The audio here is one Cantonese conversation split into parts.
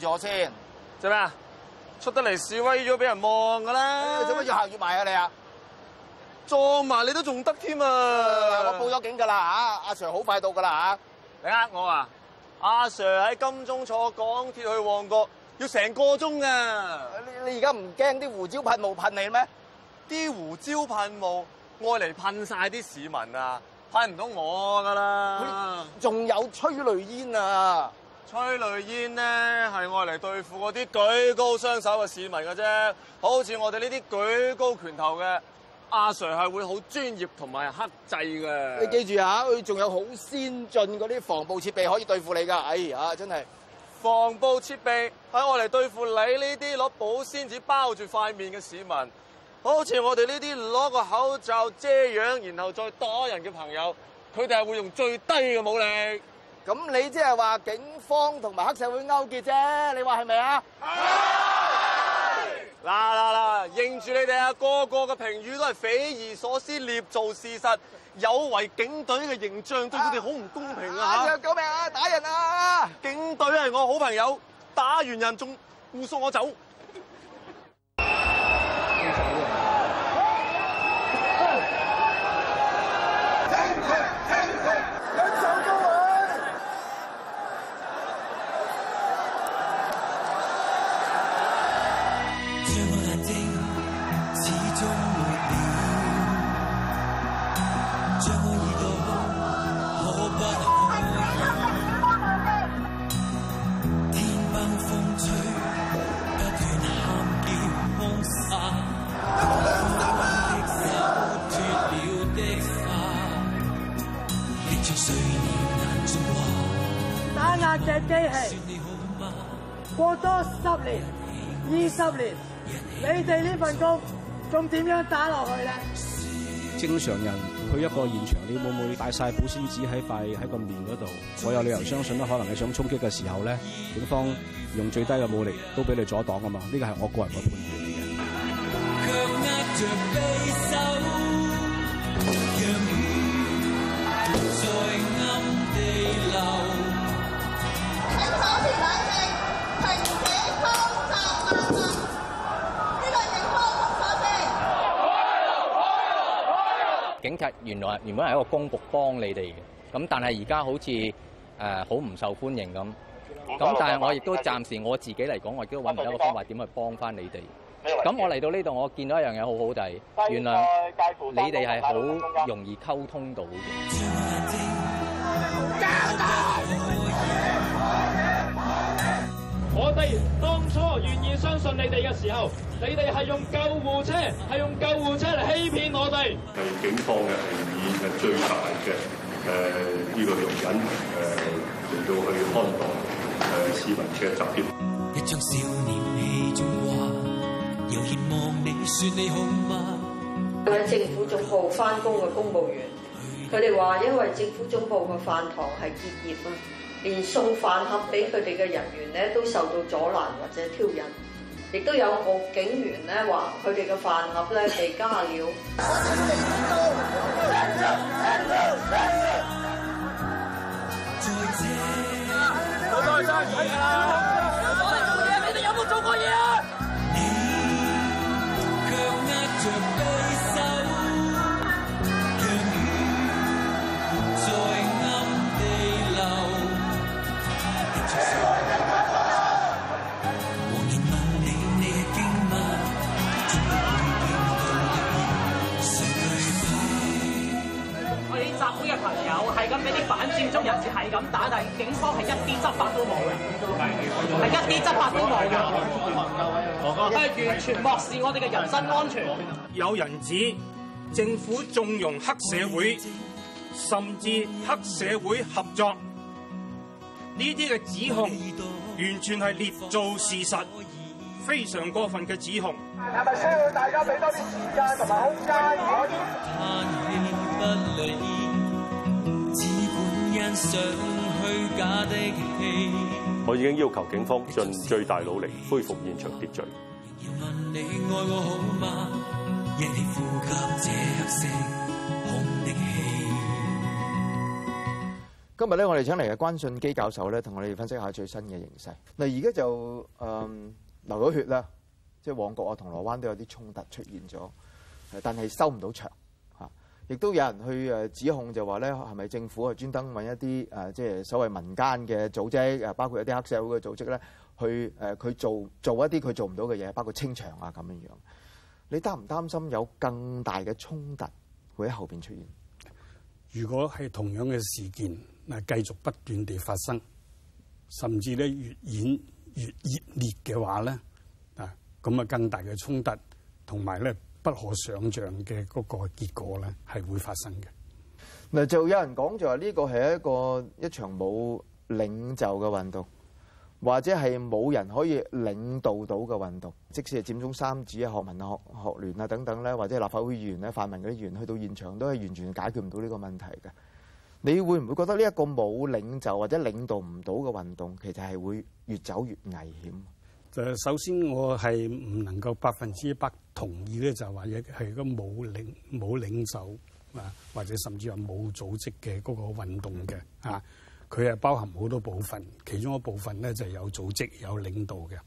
咗先，做咩啊？出得嚟示威咗，俾人望噶啦！做乜要行住埋啊你啊？撞埋你都仲得添啊！我報咗警噶啦嚇，阿 Sir 好快到噶啦嚇！你呃我啊？阿 Sir 喺金鐘坐港鐵去旺角，要成個鐘啊！你而家唔驚啲胡椒噴霧噴你咩？啲胡椒噴霧愛嚟噴晒啲市民啊，噴唔到我噶啦！仲有催淚煙啊！催淚煙咧係愛嚟對付嗰啲舉高雙手嘅市民嘅啫，好似我哋呢啲舉高拳頭嘅阿、啊、Sir 係會好專業同埋克制嘅。你記住嚇，佢仲有好先進嗰啲防暴設備可以對付你㗎。哎呀，真係防暴設備係愛嚟對付你呢啲攞保鮮紙包住塊面嘅市民，好似我哋呢啲攞個口罩遮樣，然後再打人嘅朋友，佢哋係會用最低嘅武力。咁你即係話警方同埋黑社會勾結啫？你話係咪啊？係。嗱嗱嗱！認住你哋啊，個個嘅評語都係匪夷所思，捏造事實，有違警隊嘅形象，對佢哋好唔公平啊！救命啊！打人啊！警隊係我好朋友，打完人仲護送我走？壓嘅機器，過多十年、二十年，你哋呢份工仲點樣打落去咧？正常人去一個現場，你會唔會帶晒保鮮紙喺塊喺個面嗰度？我有理由相信啦，可能你想衝擊嘅時候咧，警方用最低嘅武力都俾你阻擋啊嘛。呢個係我個人嘅判斷嚟嘅。警呢個警察原來原本係一個公僕，幫你哋嘅，咁但係而家好似誒好唔受歡迎咁。咁但係我亦都暫時我自己嚟講，我亦都揾唔到一個方法點去幫返你哋。咁我嚟到呢度，我見到一樣嘢好好就係，原來你哋係好容易溝通到嘅。我哋當初願意相信你哋嘅時候，你哋係用救護車，係用救護車嚟欺騙我哋。警方嘅嘅最大嘅誒呢個容忍誒嚟到去看待誒、呃、市民嘅集結。一張少年氣中掛，要希望你說你好嗎？佢係政府總部翻工嘅公務員，佢哋話因為政府總部嘅飯堂係結業啦。連送飯盒俾佢哋嘅人員咧，都受到阻攔或者挑釁，亦都有個警員咧話佢哋嘅飯盒咧被加料。啊 chool arab demano 中人質係咁打，但係警方係一啲執法都冇嘅，係 一啲執法都冇嘅，佢係 完全漠視我哋嘅人，人身安全。有人指政府縱容黑社會，甚至黑社會合作呢啲嘅指控，完全係捏造事實，非常過分嘅指控。係咪需要大家俾多啲時間同埋空間？可以我已經要求警方盡最大努力恢復現場秩序。今日咧，我哋請嚟嘅關信基教授咧，同我哋分析下最新嘅形勢。嗱，而家就嗯流咗血啦，即係旺角啊、銅鑼灣都有啲衝突出現咗，但係收唔到場。亦都有人去誒指控，就話咧係咪政府係專登揾一啲誒，即係所謂民間嘅組織，啊，包括一啲黑社會嘅組織咧，去誒佢做做一啲佢做唔到嘅嘢，包括清場啊咁樣樣。你擔唔擔心有更大嘅衝突會喺後邊出現？如果係同樣嘅事件嗱繼續不斷地發生，甚至咧越演越熱烈嘅話咧，啊咁啊更大嘅衝突同埋咧。不可想像嘅嗰個結果咧，係會發生嘅。嗱，就有人講就話呢個係一個一場冇領袖嘅運動，或者係冇人可以領導到嘅運動。即使係佔中三子啊、學民學學聯啊等等咧，或者立法會議員咧、泛民嗰啲議員去到現場都係完全解決唔到呢個問題嘅。你會唔會覺得呢一個冇領袖或者領導唔到嘅運動，其實係會越走越危險？就首先我係唔能夠百分之一百同意咧，就話嘢係一個冇領冇領袖啊，或者甚至話冇組織嘅嗰個運動嘅啊，佢係包含好多部分，其中一部分咧就係、是、有組織有領導嘅，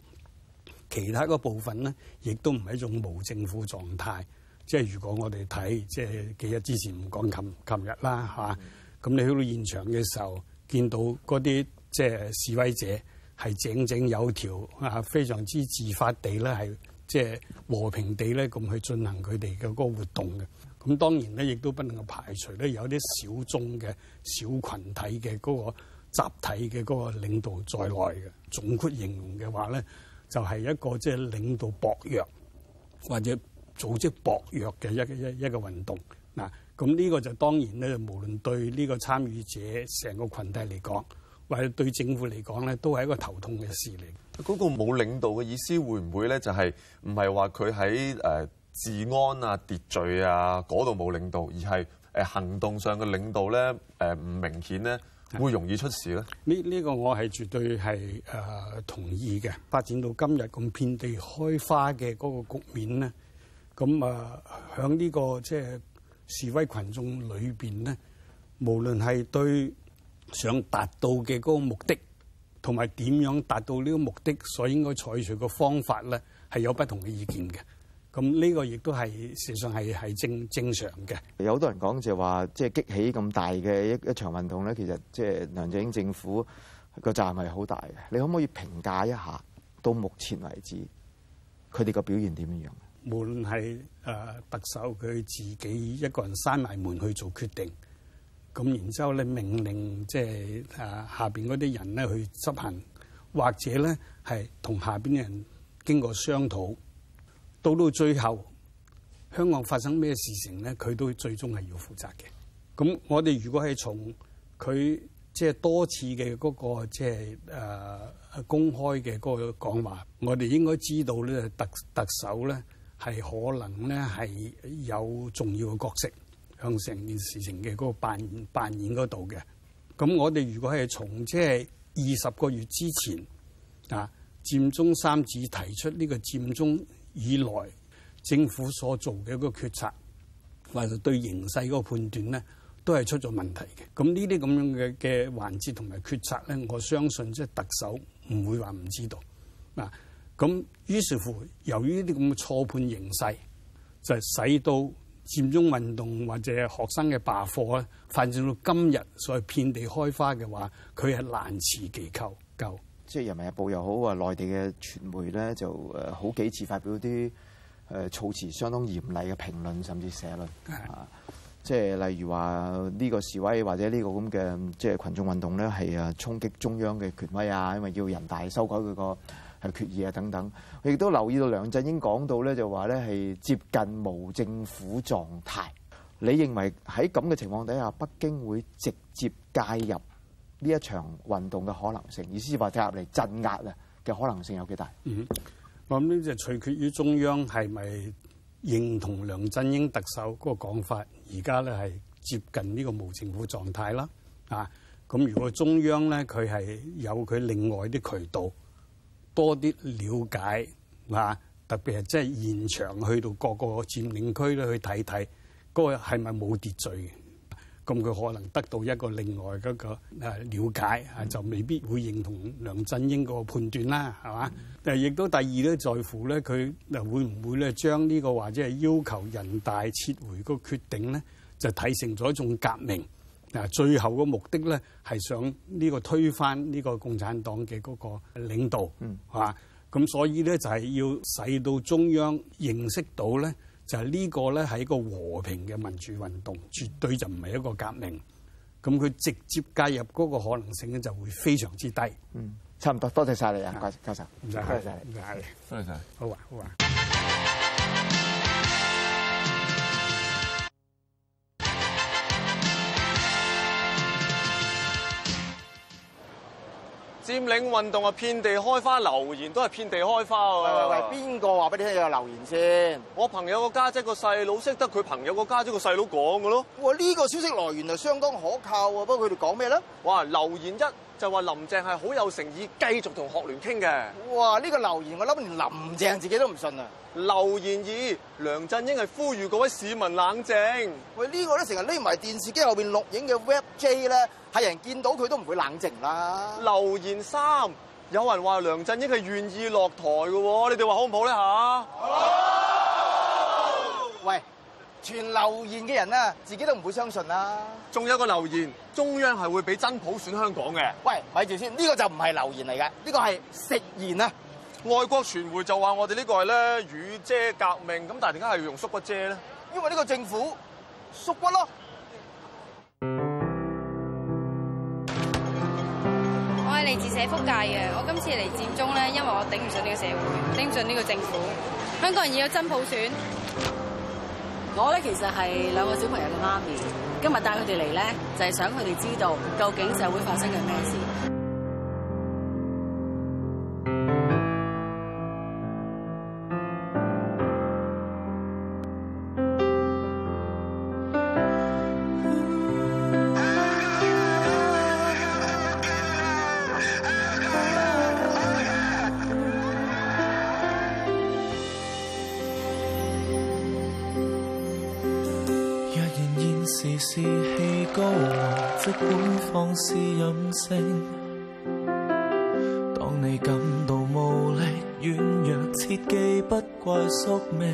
其他部分咧亦都唔係一種無政府狀態。即係如果我哋睇，即係幾日之前唔講琴琴日啦，嚇、啊，咁你去到現場嘅時候，見到嗰啲即係示威者。係井井有條啊，非常之自發地咧，係即係和平地咧，咁去進行佢哋嘅嗰個活動嘅。咁當然咧，亦都不能夠排除咧有啲小眾嘅小群體嘅嗰個集體嘅嗰個領導在內嘅。總括形容嘅話咧，就係一個即係領導薄弱或者組織薄弱嘅一一一個運動嗱。咁呢個就當然咧，無論對呢個參與者成個群體嚟講。或者對政府嚟講咧，都係一個頭痛嘅事嚟。嗰、那個冇領導嘅意思會不會、就是，會唔會咧？就係唔係話佢喺誒治安啊、秩序啊嗰度冇領導，而係誒、呃、行動上嘅領導咧誒唔明顯咧，會容易出事咧？呢呢、這個我係絕對係誒、呃、同意嘅。發展到今日咁遍地開花嘅嗰個局面咧，咁啊響呢個即係、就是、示威群眾裏邊咧，無論係對。想達到嘅嗰個目的，同埋點樣達到呢個目的，所以應該採取嘅方法咧，係有不同嘅意見嘅。咁呢個亦都係事實上係係正正常嘅。有好多人講就係、是、話，即係激起咁大嘅一一場運動咧，其實即係梁振英政府個責任係好大嘅。你可唔可以評價一下到目前為止佢哋個表現點樣？無論係誒特首佢自己一個人閂埋門去做決定。咁然之後你命令即係誒下邊嗰啲人咧去執行，或者咧係同下邊啲人經過商討，到到最後香港發生咩事情咧，佢都最終係要負責嘅。咁我哋如果係從佢即係多次嘅嗰個即係誒公開嘅嗰個講話，我哋應該知道咧，特特首咧係可能咧係有重要嘅角色。向成件事情嘅嗰個扮演扮演嗰度嘅，咁我哋如果係從即係二十個月之前啊，佔中三子提出呢個佔中以來政府所做嘅一個決策，或者對形勢嗰個判斷咧，都係出咗問題嘅。咁呢啲咁樣嘅嘅環節同埋決策咧，我相信即係特首唔會話唔知道啊。咁於是乎，由於呢啲咁嘅錯判形勢，就係使到。佔中運動或者學生嘅罷課咧，發展到今日所謂遍地開花嘅話，佢係難辭其咎。咎即係《人民日報》又好，話內地嘅傳媒咧就誒好幾次發表啲誒措辭相當嚴厲嘅評論，甚至社論啊。即係例如話呢個示威或者呢個咁嘅即係群眾運動咧，係啊衝擊中央嘅權威啊，因為要人大修改佢個係決議啊等等，亦都留意到梁振英講到咧，就話咧係接近無政府狀態。你認為喺咁嘅情況底下，北京會直接介入呢一場運動嘅可能性，意思係話入嚟鎮壓啊嘅可能性有幾大？嗯哼，我諗呢就取決於中央係咪認同梁振英特首嗰個講法，而家咧係接近呢個無政府狀態啦。啊，咁如果中央咧佢係有佢另外啲渠道。多啲了解啊，特別係即係現場去到各個佔領區咧去睇睇，嗰、嗰個係咪冇秩序嘅？咁佢可能得到一個另外嗰個啊瞭解啊，就未必會認同梁振英個判斷啦，係嘛？誒、嗯，亦都第二咧，在乎咧佢會唔會咧將呢個或者係要求人大撤回個決定咧，就睇成咗一種革命。嗱，最後嘅目的咧，係想呢個推翻呢個共產黨嘅嗰個領導，係嘛、嗯？咁所以咧就係要使到中央認識到咧，就係呢個咧係一個和平嘅民主運動，嗯、絕對就唔係一個革命。咁佢直接介入嗰個可能性咧就會非常之低。嗯，差唔多，多謝晒你啊，關教授，唔該曬，唔該曬，唔該曬，好啊，好啊。佔領運動啊，遍地開花，流言都係遍地開花喂、啊、喂喂，邊個話俾你聽有流言先？我朋友姐姐、嗰個家姐個細佬識得佢朋友姐姐、嗰個家姐個細佬講嘅咯。我、呢、呢個消息來源就相當可靠啊，不過佢哋講咩咧？哇，流言一。就話林鄭係好有誠意繼續同學聯傾嘅，哇！呢個留言我諗連林鄭自己都唔信啊。留言二，梁振英係呼籲嗰位市民冷靜。喂，呢個咧成日匿埋電視機後面錄影嘅 Web J 咧，係人見到佢都唔會冷靜啦。留言三，有人話梁振英係願意落台嘅喎，你哋話好唔好咧嚇？好傳流言嘅人啊，自己都唔會相信啦。仲有個流言，中央係會俾真普選香港嘅。喂，咪住先，呢個就唔係流言嚟嘅，呢個係食言啊！外國傳媒就話我哋呢個係咧雨遮革命，咁但係點解係要用縮骨遮咧？因為呢個政府縮骨咯。我係嚟自社福界嘅，我今次嚟佔中咧，因為我頂唔順呢個社會，頂唔順呢個政府。香港人要有真普選。我咧其實係兩個小朋友嘅媽咪，今日帶佢哋嚟咧，就係想佢哋知道究竟社會發生緊咩事。當你感到無力、軟弱，切記，不怪宿命。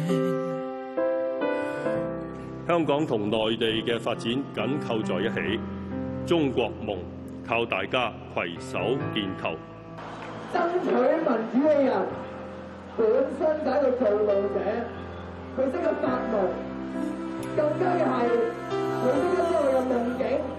香港同內地嘅發展緊扣在一起，中國夢靠大家攜手建構。爭取民主嘅人本身喺度造夢者，佢識個發夢，更加嘅係佢識得知道有夢境。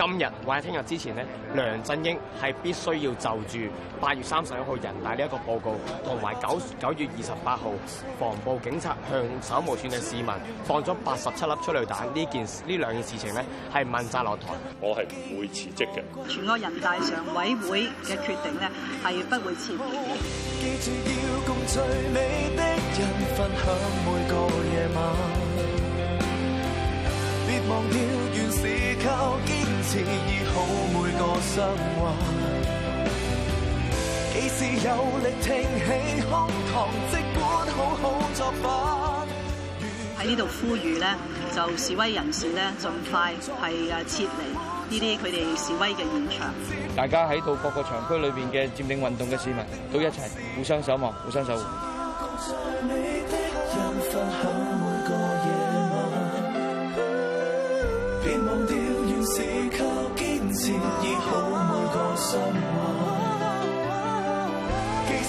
今日或者聽日之前咧，梁振英係必須要就住八月三十一號人大呢一個報告，同埋九九月二十八號防暴警察向手無寸嘅市民放咗八十七粒催淚彈呢件呢兩件事情咧，係問責落台。我係唔會辭職嘅。全國人大常委會嘅決定咧，係不會辭職嘅。有力挺起胸膛，即管好好作。喺呢度呼籲呢，就示威人士呢，盡快係撤離呢啲佢哋示威嘅現場。大家喺度各個場區裏邊嘅佔領運動嘅市民，都一齊互相守望，互相守護。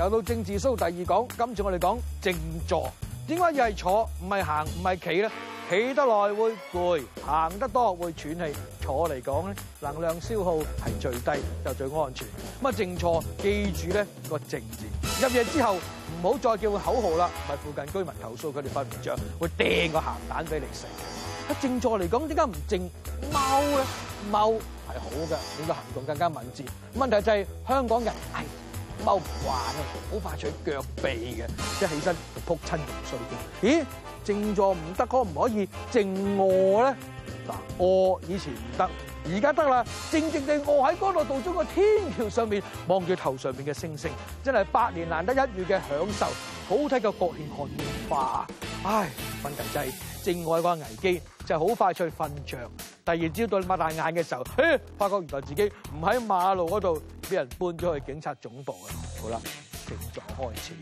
又到政治 show 第二講，今次我哋講靜坐。點解又係坐唔係行唔係企咧？企得耐會攰，行得多會喘氣。坐嚟講咧，能量消耗係最低又最安全。咁啊，靜坐記住呢個靜字。入夜之後唔好再叫佢口號啦，唔係附近居民投訴佢哋瞓唔着，會掟個鹹蛋俾你食。喺靜坐嚟講，點解唔靜踎咧？踎係好嘅，你個行動更加敏捷。問題就係香港人。踎唔慣，好怕扯腳臂嘅，一起身就撲親入碎嘅。咦，靜坐唔得，可唔可以靜臥咧？嗱，臥以前唔得，而家得啦。靜靜地臥喺干諾道中個天橋上面，望住頭上面嘅星星，真係百年難得一遇嘅享受，好睇過國慶煙花匯演。唉，問題就係靜臥嘅危機。就好快出去瞓着，第二朝到你擘大眼嘅時候，嘿、哎，發覺原來自己唔喺馬路嗰度，俾人搬咗去警察總部啊！好啦，症狀開始。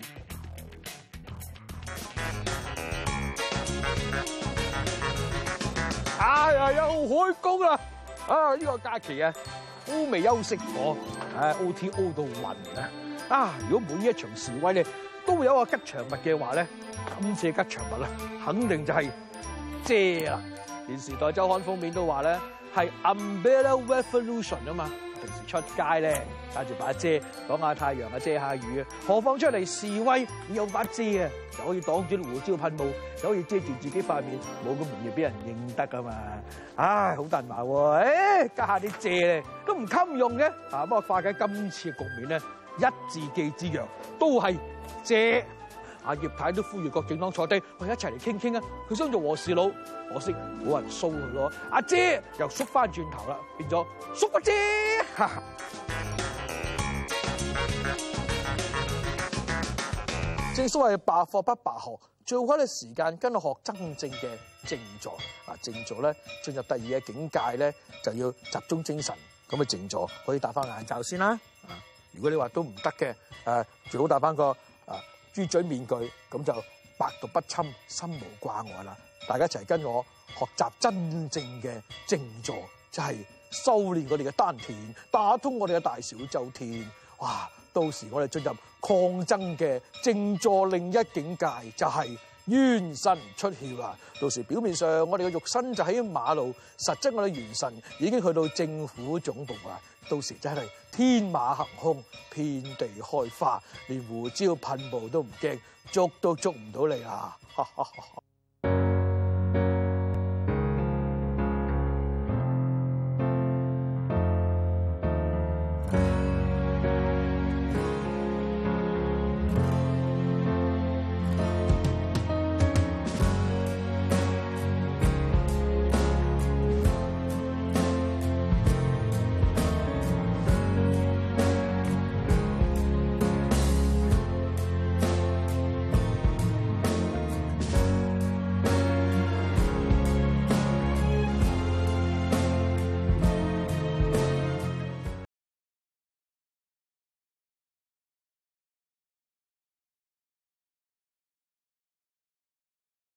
哎呀又開工啦！啊，呢、這個假期啊，都未休息過，唉、啊、O T O 到暈啊！啊，如果每一場示威咧都會有個吉祥物嘅話咧，今次吉祥物啦，肯定就係、是。遮啦，連《時代周刊》封面都話咧，係 umbrella revolution 啊嘛。平時出街咧，戴住把遮擋下太陽啊，遮下雨啊。何況出嚟示威要用把遮啊？就可以擋住胡椒噴霧，就可以遮住自己塊面，冇咁容易俾人認得噶嘛。唉、哎，好大話喎！唉、哎，家下啲遮都唔襟用嘅啊！不過化解今次嘅局面咧，一字記之羊，強都係遮。阿葉太都呼籲各政黨坐低，我哋一齊嚟傾傾啊！佢想做和事佬，可惜冇人蘇佢咯。阿姐又縮翻轉頭啦，變咗縮骨姐。正所謂罷課不罷學，最好咧時間跟學真正嘅靜坐。啊，靜坐咧進入第二嘅境界咧，就要集中精神。咁啊，靜坐可以戴翻眼罩先啦。啊，如果你話都唔得嘅，誒、啊，最好戴翻個。豬嘴面具，咁就百毒不侵、心無掛礙啦！大家一齊跟我學習真正嘅靜坐，就係修煉我哋嘅丹田，打通我哋嘅大小周天。哇！到時我哋進入抗爭嘅靜坐另一境界，就係元神出竅啦。到時表面上我哋嘅肉身就喺馬路，實質我哋元神已經去到政府總部啦。到時真係天馬行空，遍地開花，連胡椒噴霧都唔驚，捉都捉唔到你啊！哈哈哈哈